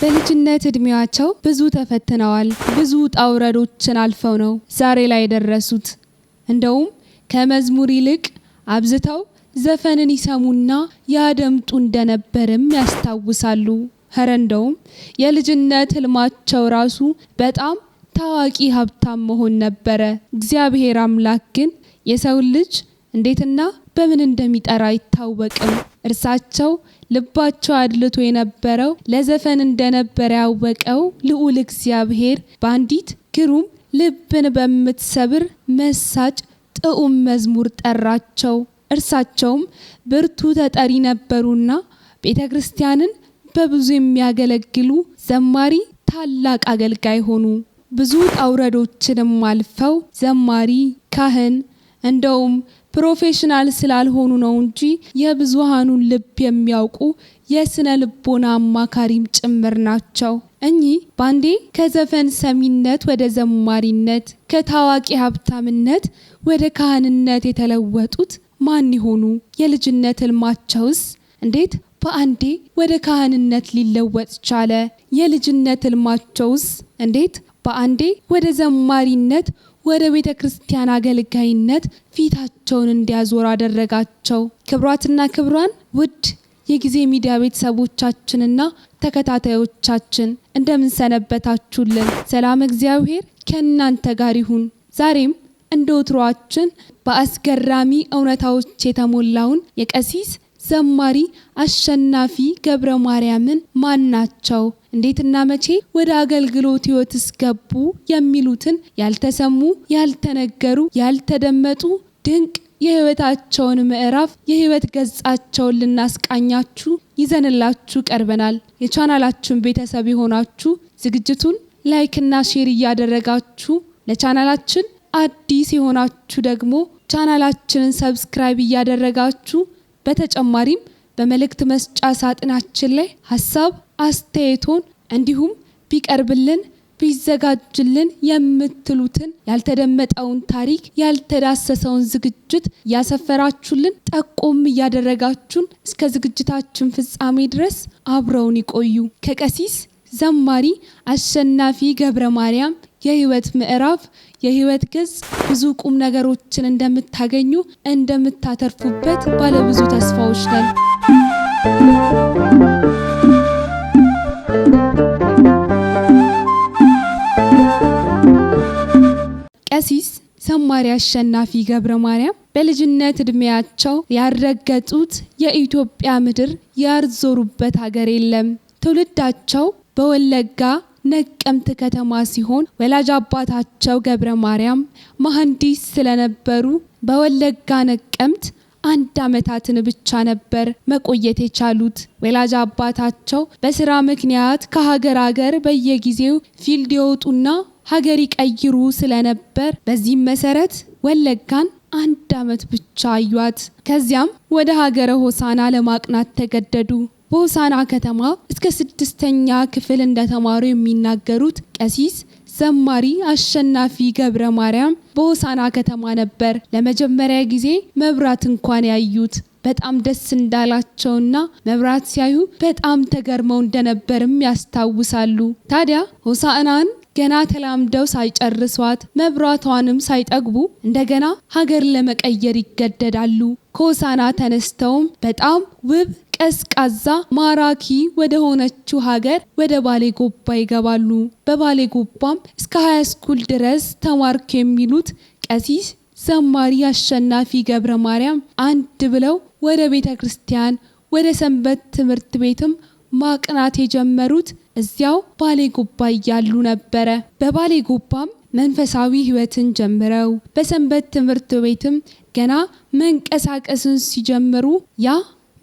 በልጅነት እድሜያቸው ብዙ ተፈትነዋል። ብዙ ውጣ ውረዶችን አልፈው ነው ዛሬ ላይ የደረሱት። እንደውም ከመዝሙር ይልቅ አብዝተው ዘፈንን ይሰሙና ያደምጡ እንደነበርም ያስታውሳሉ። ኸረ እንደውም የልጅነት ህልማቸው ራሱ በጣም ታዋቂ ሀብታም መሆን ነበረ። እግዚአብሔር አምላክ ግን የሰውን ልጅ እንዴትና በምን እንደሚጠራ አይታወቅም። እርሳቸው ልባቸው አድልቶ የነበረው ለዘፈን እንደነበረ ያወቀው ልዑል እግዚአብሔር በአንዲት ግሩም ልብን በምትሰብር መሳጭ ጥዑም መዝሙር ጠራቸው። እርሳቸውም ብርቱ ተጠሪ ነበሩና ቤተ ክርስቲያንን በብዙ የሚያገለግሉ ዘማሪ ታላቅ አገልጋይ ሆኑ። ብዙ ጣውረዶችንም አልፈው ዘማሪ፣ ካህን እንደውም ፕሮፌሽናል ስላልሆኑ ነው እንጂ የብዙሃኑን ልብ የሚያውቁ የስነ ልቦና አማካሪም ጭምር ናቸው። እኚህ ባንዴ ከዘፈን ሰሚነት ወደ ዘማሪነት፣ ከታዋቂ ሀብታምነት ወደ ካህንነት የተለወጡት ማን ይሆኑ? የልጅነት ህልማቸውስ እንዴት በአንዴ ወደ ካህንነት ሊለወጥ ቻለ? የልጅነት ህልማቸውስ እንዴት በአንዴ ወደ ዘማሪነት ወደ ቤተ ክርስቲያን አገልጋይነት ፊታቸውን እንዲያዞር አደረጋቸው። ክብሯትና ክብሯን ውድ የጊዜ ሚዲያ ቤተሰቦቻችንና ተከታታዮቻችን እንደምን ሰነበታችሁልን? ሰላም እግዚአብሔር ከእናንተ ጋር ይሁን። ዛሬም እንደ ውትሯችን በአስገራሚ እውነታዎች የተሞላውን የቀሲስ ዘማሪ አሸናፊ ገብረ ማርያምን ማን ናቸው እንዴትና መቼ ወደ አገልግሎት ህይወትስ ገቡ የሚሉትን ያልተሰሙ፣ ያልተነገሩ፣ ያልተደመጡ ድንቅ የህይወታቸውን ምዕራፍ የህይወት ገጻቸውን ልናስቃኛችሁ ይዘንላችሁ ቀርበናል። የቻናላችሁን ቤተሰብ የሆናችሁ ዝግጅቱን ላይክና ሼር እያደረጋችሁ ለቻናላችን አዲስ የሆናችሁ ደግሞ ቻናላችንን ሰብስክራይብ እያደረጋችሁ በተጨማሪም በመልእክት መስጫ ሳጥናችን ላይ ሀሳብ አስተያየቶን እንዲሁም ቢቀርብልን ቢዘጋጅልን የምትሉትን ያልተደመጠውን ታሪክ ያልተዳሰሰውን ዝግጅት ያሰፈራችሁልን ጠቆም እያደረጋችሁን እስከ ዝግጅታችን ፍጻሜ ድረስ አብረውን ይቆዩ። ከቀሲስ ዘማሪ አሸናፊ ገብረ ማርያም የህይወት ምዕራፍ የህይወት ገጽ ብዙ ቁም ነገሮችን እንደምታገኙ እንደምታተርፉበት ባለብዙ ተስፋዎች ነን። ተማሪ አሸናፊ ገብረ ማርያም በልጅነት እድሜያቸው ያረገጡት የኢትዮጵያ ምድር ያርዞሩበት ሀገር የለም። ትውልዳቸው በወለጋ ነቀምት ከተማ ሲሆን ወላጅ አባታቸው ገብረ ማርያም መሐንዲስ ስለነበሩ በወለጋ ነቀምት አንድ ዓመታትን ብቻ ነበር መቆየት የቻሉት። ወላጅ አባታቸው በስራ ምክንያት ከሀገር ሀገር በየጊዜው ፊልድ የወጡና ሀገር ይቀይሩ ስለነበር በዚህም መሰረት ወለጋን አንድ ዓመት ብቻ አዩት። ከዚያም ወደ ሀገረ ሆሳና ለማቅናት ተገደዱ። በሆሳና ከተማ እስከ ስድስተኛ ክፍል እንደተማሩ የሚናገሩት ቀሲስ ዘማሪ አሸናፊ ገብረ ማርያም በሆሳና ከተማ ነበር ለመጀመሪያ ጊዜ መብራት እንኳን ያዩት። በጣም ደስ እንዳላቸውና መብራት ሲያዩ በጣም ተገርመው እንደነበርም ያስታውሳሉ። ታዲያ ሆሳዕናን ገና ተላምደው ሳይጨርሷት መብራቷንም ሳይጠግቡ እንደገና ሀገር ለመቀየር ይገደዳሉ። ከሆሳና ተነስተውም በጣም ውብ ቀዝቃዛ ማራኪ ወደ ሆነችው ሀገር ወደ ባሌ ጎባ ይገባሉ። በባሌ ጎባም እስከ ሀያ ስኩል ድረስ ተማርኩ የሚሉት ቀሲስ ዘማሪ አሸናፊ ገብረ ማርያም አንድ ብለው ወደ ቤተ ክርስቲያን ወደ ሰንበት ትምህርት ቤትም ማቅናት የጀመሩት እዚያው ባሌ ጎባ እያሉ ነበረ። በባሌ ጎባም መንፈሳዊ ህይወትን ጀምረው በሰንበት ትምህርት ቤትም ገና መንቀሳቀስን ሲጀምሩ ያ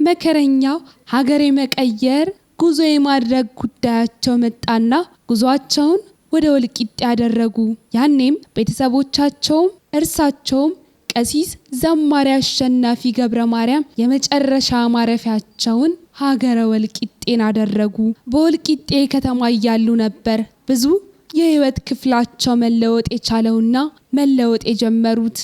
መከረኛው ሀገሬ መቀየር ጉዞ የማድረግ ጉዳያቸው መጣና ጉዞቸውን ወደ ወልቂጤ ያደረጉ። ያኔም ቤተሰቦቻቸውም እርሳቸውም ቀሲስ ዘማሪ አሸናፊ ገብረ ማርያም የመጨረሻ ማረፊያቸውን ሀገረ ወልቂጤን አደረጉ። በወልቂጤ ከተማ እያሉ ነበር ብዙ የህይወት ክፍላቸው መለወጥ የቻለውና መለወጥ የጀመሩት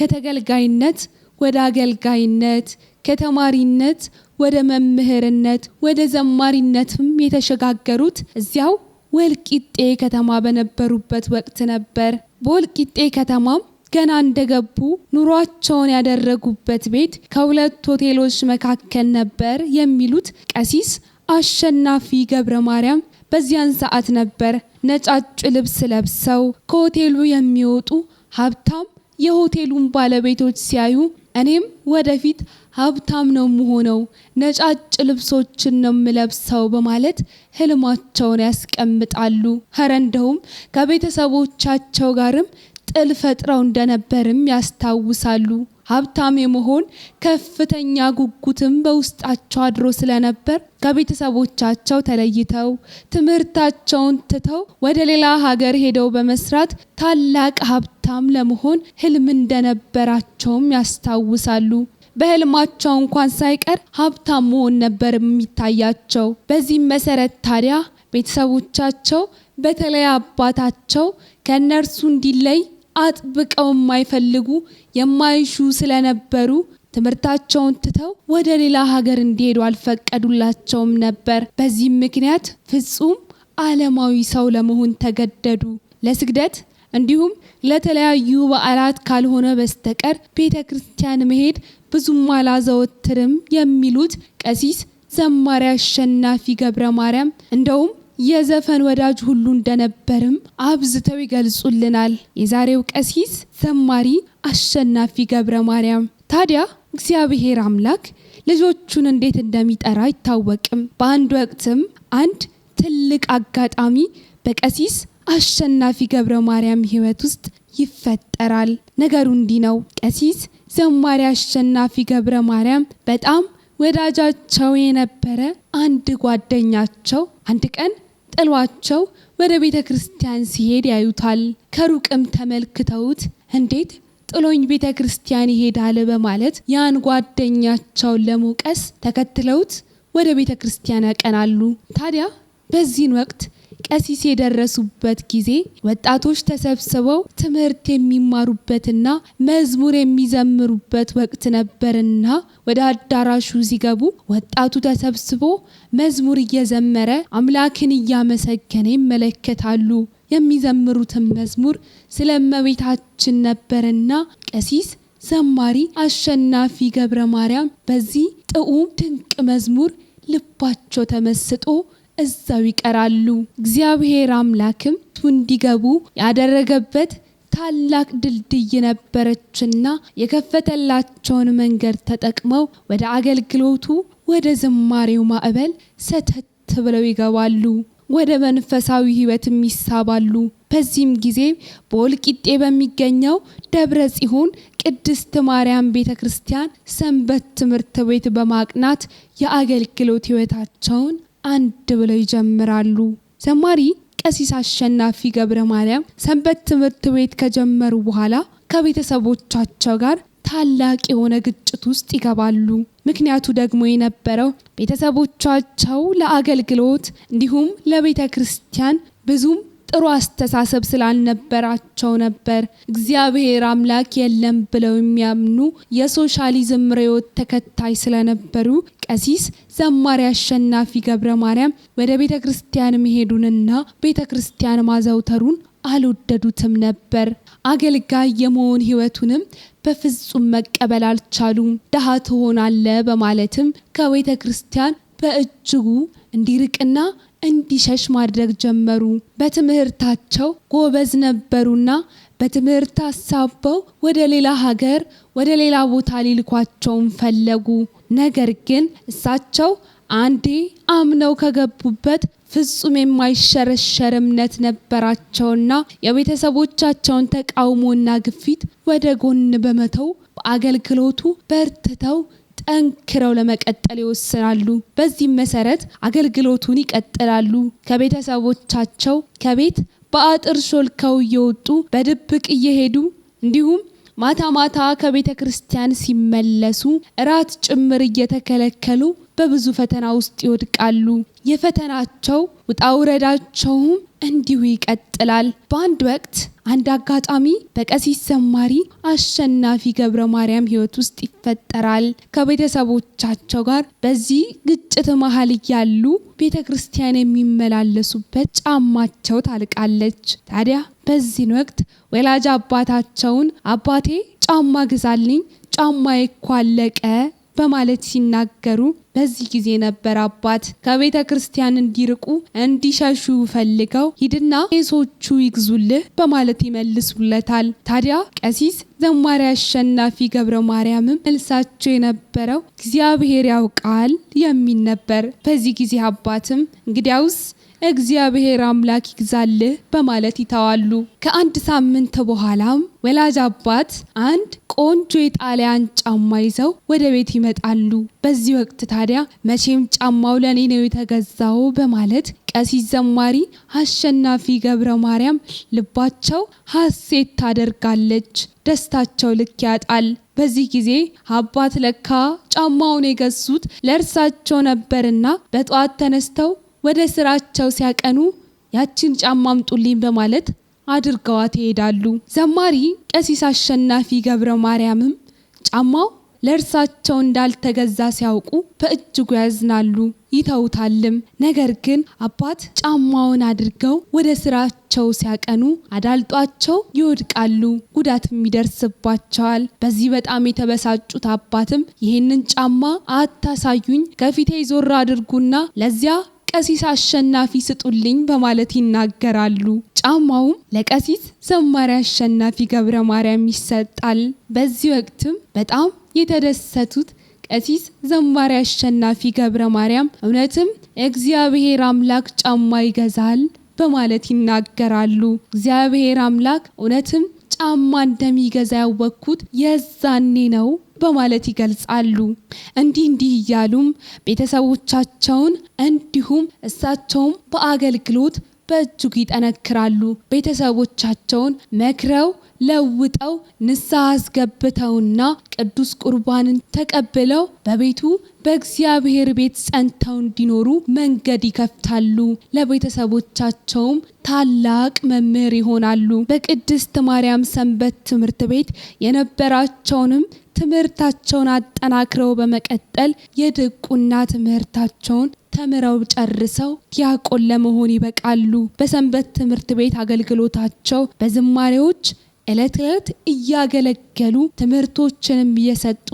ከተገልጋይነት ወደ አገልጋይነት፣ ከተማሪነት ወደ መምህርነት፣ ወደ ዘማሪነትም የተሸጋገሩት እዚያው ወልቂጤ ከተማ በነበሩበት ወቅት ነበር። በወልቂጤ ከተማም ገና እንደገቡ ኑሯቸውን ያደረጉበት ቤት ከሁለት ሆቴሎች መካከል ነበር የሚሉት ቀሲስ አሸናፊ ገብረ ማርያም በዚያን ሰዓት ነበር ነጫጭ ልብስ ለብሰው ከሆቴሉ የሚወጡ ሀብታም የሆቴሉን ባለቤቶች ሲያዩ እኔም ወደፊት ሀብታም ነው የምሆነው፣ ነጫጭ ልብሶችን ነው የምለብሰው በማለት ህልማቸውን ያስቀምጣሉ። ኸረ እንደውም ከቤተሰቦቻቸው ጋርም ጥል ፈጥረው እንደነበርም ያስታውሳሉ። ሀብታም የመሆን ከፍተኛ ጉጉትም በውስጣቸው አድሮ ስለነበር ከቤተሰቦቻቸው ተለይተው ትምህርታቸውን ትተው ወደ ሌላ ሀገር ሄደው በመስራት ታላቅ ሀብታም ለመሆን ህልም እንደነበራቸውም ያስታውሳሉ። በህልማቸው እንኳን ሳይቀር ሀብታም መሆን ነበር የሚታያቸው። በዚህም መሰረት ታዲያ ቤተሰቦቻቸው በተለይ አባታቸው ከእነርሱ እንዲለይ አጥብቀው የማይፈልጉ የማይሹ ስለነበሩ ትምህርታቸውን ትተው ወደ ሌላ ሀገር እንዲሄዱ አልፈቀዱላቸውም ነበር። በዚህም ምክንያት ፍጹም ዓለማዊ ሰው ለመሆን ተገደዱ። ለስግደት እንዲሁም ለተለያዩ በዓላት ካልሆነ በስተቀር ቤተ ክርስቲያን መሄድ ብዙም አላዘወትርም የሚሉት ቀሲስ ዘማሪ አሸናፊ ገብረ ማርያም እንደውም የዘፈን ወዳጅ ሁሉ እንደነበርም አብዝተው ይገልጹልናል። የዛሬው ቀሲስ ዘማሪ አሸናፊ ገብረ ማርያም ታዲያ እግዚአብሔር አምላክ ልጆቹን እንዴት እንደሚጠራ አይታወቅም። በአንድ ወቅትም አንድ ትልቅ አጋጣሚ በቀሲስ አሸናፊ ገብረ ማርያም ሕይወት ውስጥ ይፈጠራል። ነገሩ እንዲህ ነው። ቀሲስ ዘማሪ አሸናፊ ገብረ ማርያም በጣም ወዳጃቸው የነበረ አንድ ጓደኛቸው አንድ ቀን ጥሏቸው ወደ ቤተ ክርስቲያን ሲሄድ ያዩታል። ከሩቅም ተመልክተውት እንዴት ጥሎኝ ቤተ ክርስቲያን ይሄዳል በማለት ያን ጓደኛቸውን ለመውቀስ ተከትለውት ወደ ቤተ ክርስቲያን ያቀናሉ። ታዲያ በዚህን ወቅት ቀሲስ የደረሱበት ጊዜ ወጣቶች ተሰብስበው ትምህርት የሚማሩበትና መዝሙር የሚዘምሩበት ወቅት ነበርና ወደ አዳራሹ ሲገቡ ወጣቱ ተሰብስቦ መዝሙር እየዘመረ አምላክን እያመሰገነ ይመለከታሉ። የሚዘምሩትን መዝሙር ስለ እመቤታችን ነበርና ቀሲስ ዘማሪ አሸናፊ ገብረ ማርያም በዚህ ጥዑም ድንቅ መዝሙር ልባቸው ተመስጦ እዛው ይቀራሉ። እግዚአብሔር አምላክም እንዲገቡ ያደረገበት ታላቅ ድልድይ ነበረችና የከፈተላቸውን መንገድ ተጠቅመው ወደ አገልግሎቱ ወደ ዝማሬው ማዕበል ሰተት ብለው ይገባሉ። ወደ መንፈሳዊ ሕይወትም ይሳባሉ። በዚህም ጊዜ በወልቂጤ በሚገኘው ደብረ ጽዮን ቅድስት ማርያም ቤተ ክርስቲያን ሰንበት ትምህርት ቤት በማቅናት የአገልግሎት ሕይወታቸውን አንድ ብለው ይጀምራሉ። ዘማሪ ቀሲስ አሸናፊ ገብረ ማርያም ሰንበት ትምህርት ቤት ከጀመሩ በኋላ ከቤተሰቦቻቸው ጋር ታላቅ የሆነ ግጭት ውስጥ ይገባሉ። ምክንያቱ ደግሞ የነበረው ቤተሰቦቻቸው ለአገልግሎት እንዲሁም ለቤተ ክርስቲያን ብዙም ጥሩ አስተሳሰብ ስላልነበራቸው ነበር። እግዚአብሔር አምላክ የለም ብለው የሚያምኑ የሶሻሊዝም ርዕዮት ተከታይ ስለነበሩ ቀሲስ ዘማሪ አሸናፊ ገብረ ማርያም ወደ ቤተ ክርስቲያን መሄዱንና ቤተ ክርስቲያን ማዘውተሩን አልወደዱትም ነበር። አገልጋይ የመሆን ህይወቱንም በፍጹም መቀበል አልቻሉም። ድሃ ትሆናለ በማለትም ከቤተ ክርስቲያን በእጅጉ እንዲርቅና እንዲሸሽ ማድረግ ጀመሩ። በትምህርታቸው ጎበዝ ነበሩና በትምህርት አሳበው ወደ ሌላ ሀገር ወደ ሌላ ቦታ ሊልኳቸውን ፈለጉ። ነገር ግን እሳቸው አንዴ አምነው ከገቡበት ፍጹም የማይሸረሸር እምነት ነበራቸውና የቤተሰቦቻቸውን ተቃውሞና ግፊት ወደ ጎን በመተው በአገልግሎቱ በርትተው ጠንክረው ለመቀጠል ይወስናሉ። በዚህም መሰረት አገልግሎቱን ይቀጥላሉ። ከቤተሰቦቻቸው ከቤት በአጥር ሾልከው እየወጡ በድብቅ እየሄዱ እንዲሁም ማታ ማታ ከቤተ ክርስቲያን ሲመለሱ እራት ጭምር እየተከለከሉ በብዙ ፈተና ውስጥ ይወድቃሉ። የፈተናቸው ውጣ ውረዳቸውም እንዲሁ ይቀጥላል። በአንድ ወቅት አንድ አጋጣሚ በቀሲስ ዘማሪ አሸናፊ ገብረ ማርያም ሕይወት ውስጥ ይፈጠራል። ከቤተሰቦቻቸው ጋር በዚህ ግጭት መሀል እያሉ ቤተ ክርስቲያን የሚመላለሱበት ጫማቸው ታልቃለች። ታዲያ በዚህን ወቅት ወላጅ አባታቸውን አባቴ ጫማ ግዛልኝ፣ ጫማ ይኳለቀ በማለት ሲናገሩ በዚህ ጊዜ ነበር አባት ከቤተ ክርስቲያን እንዲርቁ እንዲሸሹ ፈልገው ሂድና ቄሶቹ ይግዙልህ በማለት ይመልሱለታል። ታዲያ ቀሲስ ዘማሪ አሸናፊ ገብረ ማርያምም መልሳቸው የነበረው እግዚአብሔር ያውቃል የሚል ነበር። በዚህ ጊዜ አባትም እንግዲያውስ እግዚአብሔር አምላክ ይግዛልህ በማለት ይተዋሉ። ከአንድ ሳምንት በኋላም ወላጅ አባት አንድ ቆንጆ የጣሊያን ጫማ ይዘው ወደ ቤት ይመጣሉ። በዚህ ወቅት ታዲያ መቼም ጫማው ለእኔ ነው የተገዛው በማለት ቀሲስ ዘማሪ አሸናፊ ገብረ ማርያም ልባቸው ሐሴት ታደርጋለች። ደስታቸው ልክ ያጣል። በዚህ ጊዜ አባት ለካ ጫማውን የገዙት ለእርሳቸው ነበርና በጠዋት ተነስተው ወደ ስራቸው ሲያቀኑ ያችን ጫማ አምጡልኝ በማለት አድርገዋት ይሄዳሉ። ዘማሪ ቀሲስ አሸናፊ ገብረ ማርያምም ጫማው ለእርሳቸው እንዳልተገዛ ሲያውቁ በእጅጉ ያዝናሉ፣ ይተውታልም። ነገር ግን አባት ጫማውን አድርገው ወደ ስራቸው ሲያቀኑ አዳልጧቸው ይወድቃሉ፣ ጉዳትም ይደርስባቸዋል። በዚህ በጣም የተበሳጩት አባትም ይህንን ጫማ አታሳዩኝ፣ ከፊቴ ዞር አድርጉና ለዚያ ቀሲስ አሸናፊ ስጡልኝ በማለት ይናገራሉ። ጫማውም ለቀሲስ ዘማሪ አሸናፊ ገብረ ማርያም ይሰጣል። በዚህ ወቅትም በጣም የተደሰቱት ቀሲስ ዘማሪ አሸናፊ ገብረ ማርያም እውነትም እግዚአብሔር አምላክ ጫማ ይገዛል በማለት ይናገራሉ። እግዚአብሔር አምላክ እውነትም ጫማ እንደሚገዛ ያወቅኩት የዛኔ ነው በማለት ይገልጻሉ። እንዲህ እንዲህ እያሉም ቤተሰቦቻቸውን እንዲሁም እሳቸውም በአገልግሎት በእጅጉ ይጠነክራሉ። ቤተሰቦቻቸውን መክረው ለውጠው ንስሐ አስገብተውና ቅዱስ ቁርባንን ተቀብለው በቤቱ በእግዚአብሔር ቤት ጸንተው እንዲኖሩ መንገድ ይከፍታሉ። ለቤተሰቦቻቸውም ታላቅ መምህር ይሆናሉ። በቅድስት ማርያም ሰንበት ትምህርት ቤት የነበራቸውንም ትምህርታቸውን አጠናክረው በመቀጠል የድቁና ትምህርታቸውን ተምረው ጨርሰው ዲያቆን ለመሆን ይበቃሉ። በሰንበት ትምህርት ቤት አገልግሎታቸው በዝማሬዎች ዕለት ዕለት እያገለገሉ ትምህርቶችንም እየሰጡ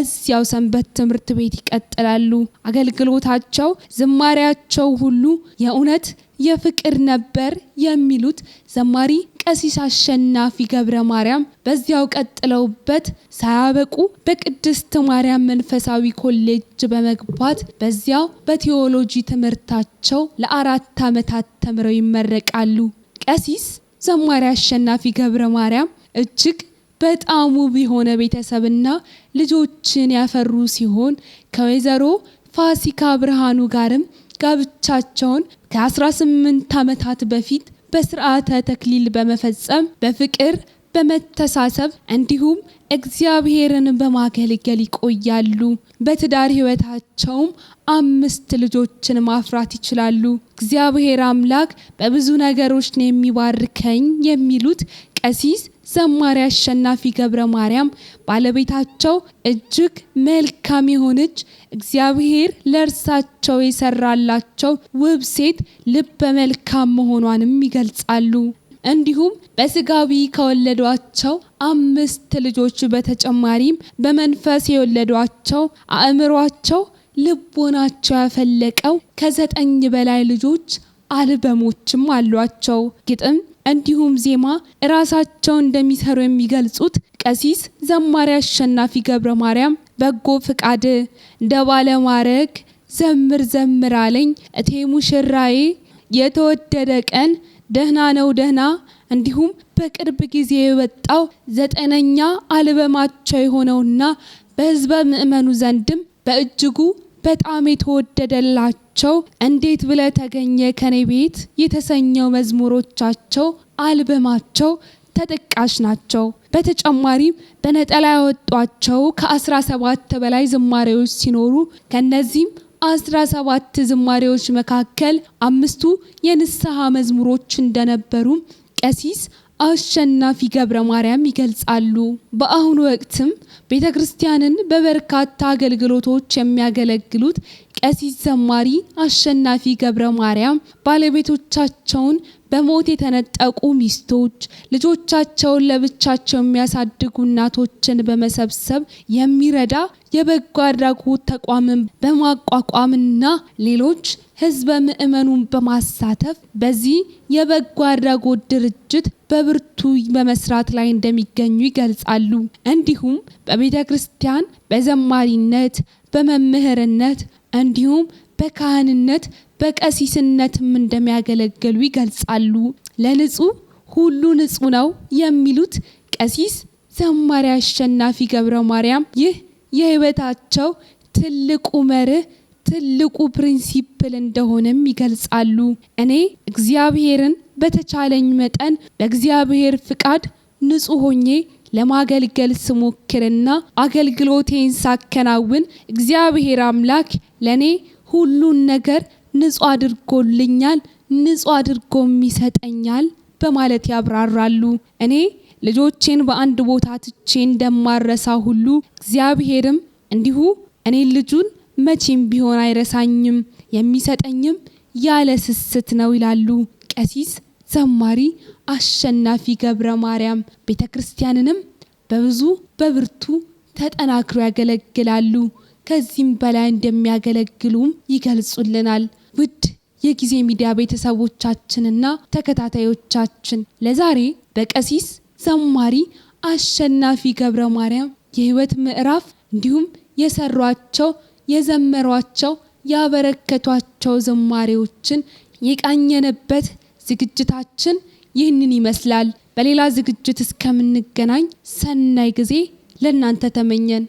እዚያው ሰንበት ትምህርት ቤት ይቀጥላሉ። አገልግሎታቸው፣ ዝማሪያቸው ሁሉ የእውነት የፍቅር ነበር የሚሉት ዘማሪ ቀሲስ አሸናፊ ገብረ ማርያም በዚያው ቀጥለውበት ሳያበቁ በቅድስት ማርያም መንፈሳዊ ኮሌጅ በመግባት በዚያው በቴዎሎጂ ትምህርታቸው ለአራት ዓመታት ተምረው ይመረቃሉ። ቀሲስ ዘማሪ አሸናፊ ገብረ ማርያም እጅግ በጣም ውብ የሆነ ቤተሰብና ልጆችን ያፈሩ ሲሆን ከወይዘሮ ፋሲካ ብርሃኑ ጋርም ጋብቻቸውን ከ18 ዓመታት በፊት በስርዓተ ተክሊል በመፈጸም በፍቅር በመተሳሰብ እንዲሁም እግዚአብሔርን በማገልገል ይቆያሉ። በትዳር ህይወታቸውም አምስት ልጆችን ማፍራት ይችላሉ። እግዚአብሔር አምላክ በብዙ ነገሮች ነው የሚባርከኝ የሚሉት ቀሲስ ዘማሪ አሸናፊ ገብረ ማርያም ባለቤታቸው እጅግ መልካም የሆነች እግዚአብሔር ለእርሳቸው የሰራላቸው ውብ ሴት ልበ መልካም መሆኗንም ይገልጻሉ። እንዲሁም በስጋዊ ከወለዷቸው አምስት ልጆች በተጨማሪም በመንፈስ የወለዷቸው አእምሯቸው፣ ልቦናቸው ያፈለቀው ከዘጠኝ በላይ ልጆች አልበሞችም አሏቸው። ግጥም እንዲሁም ዜማ እራሳቸው እንደሚሰሩ የሚገልጹት ቀሲስ ዘማሪ አሸናፊ ገብረ ማርያም በጎ ፍቃድ እንደ ባለማዕረግ ዘምር ዘምር አለኝ እቴ ሙሽራዬ፣ የተወደደ ቀን፣ ደህና ነው ደህና እንዲሁም በቅርብ ጊዜ የወጣው ዘጠነኛ አልበማቸው የሆነውና በህዝበ ምእመኑ ዘንድም በእጅጉ በጣም የተወደደላቸው እንዴት ብለ ተገኘ ከኔ ቤት የተሰኘው መዝሙሮቻቸው አልበማቸው ተጠቃሽ ናቸው። በተጨማሪም በነጠላ ያወጧቸው ከአስራ ሰባት በላይ ዝማሬዎች ሲኖሩ ከነዚህም አስራ ሰባት ዝማሬዎች መካከል አምስቱ የንስሐ መዝሙሮች እንደነበሩም ቀሲስ አሸናፊ ገብረ ማርያም ይገልጻሉ። በአሁኑ ወቅትም ቤተ ክርስቲያንን በበርካታ አገልግሎቶች የሚያገለግሉት ቀሲስ ዘማሪ አሸናፊ ገብረ ማርያም ባለቤቶቻቸውን በሞት የተነጠቁ ሚስቶች ልጆቻቸውን ለብቻቸው የሚያሳድጉ እናቶችን በመሰብሰብ የሚረዳ የበጎ አድራጎት ተቋምን በማቋቋምና ሌሎች ህዝበ ምዕመኑን በማሳተፍ በዚህ የበጎ አድራጎት ድርጅት በብርቱ በመስራት ላይ እንደሚገኙ ይገልጻሉ። እንዲሁም በቤተ ክርስቲያን በዘማሪነት፣ በመምህርነት እንዲሁም በካህንነት በቀሲስነትም እንደሚያገለግሉ ይገልጻሉ። ለንጹህ ሁሉ ንጹህ ነው የሚሉት ቀሲስ ዘማሪ አሸናፊ ገብረ ማርያም ይህ የህይወታቸው ትልቁ መርህ ትልቁ ፕሪንሲፕል እንደሆነም ይገልጻሉ። እኔ እግዚአብሔርን በተቻለኝ መጠን በእግዚአብሔር ፍቃድ ንጹህ ሆኜ ለማገልገል ስሞክርና አገልግሎቴን ሳከናውን እግዚአብሔር አምላክ ለእኔ ሁሉን ነገር ንጹህ አድርጎልኛል፣ ንጹህ አድርጎም ይሰጠኛል በማለት ያብራራሉ። እኔ ልጆቼን በአንድ ቦታ ትቼ እንደማረሳ ሁሉ እግዚአብሔርም እንዲሁ እኔ ልጁን መቼም ቢሆን አይረሳኝም፣ የሚሰጠኝም ያለ ስስት ነው ይላሉ ቀሲስ ዘማሪ አሸናፊ ገብረ ማርያም። ቤተ ክርስቲያንንም በብዙ በብርቱ ተጠናክሮ ያገለግላሉ። ከዚህም በላይ እንደሚያገለግሉም ይገልጹልናል። ውድ የጊዜ ሚዲያ ቤተሰቦቻችንና ተከታታዮቻችን ለዛሬ በቀሲስ ዘማሪ አሸናፊ ገብረ ማርያም የህይወት ምዕራፍ እንዲሁም የሰሯቸው የዘመሯቸው ያበረከቷቸው ዝማሬዎችን የቃኘነበት ዝግጅታችን ይህንን ይመስላል። በሌላ ዝግጅት እስከምንገናኝ ሰናይ ጊዜ ለእናንተ ተመኘን።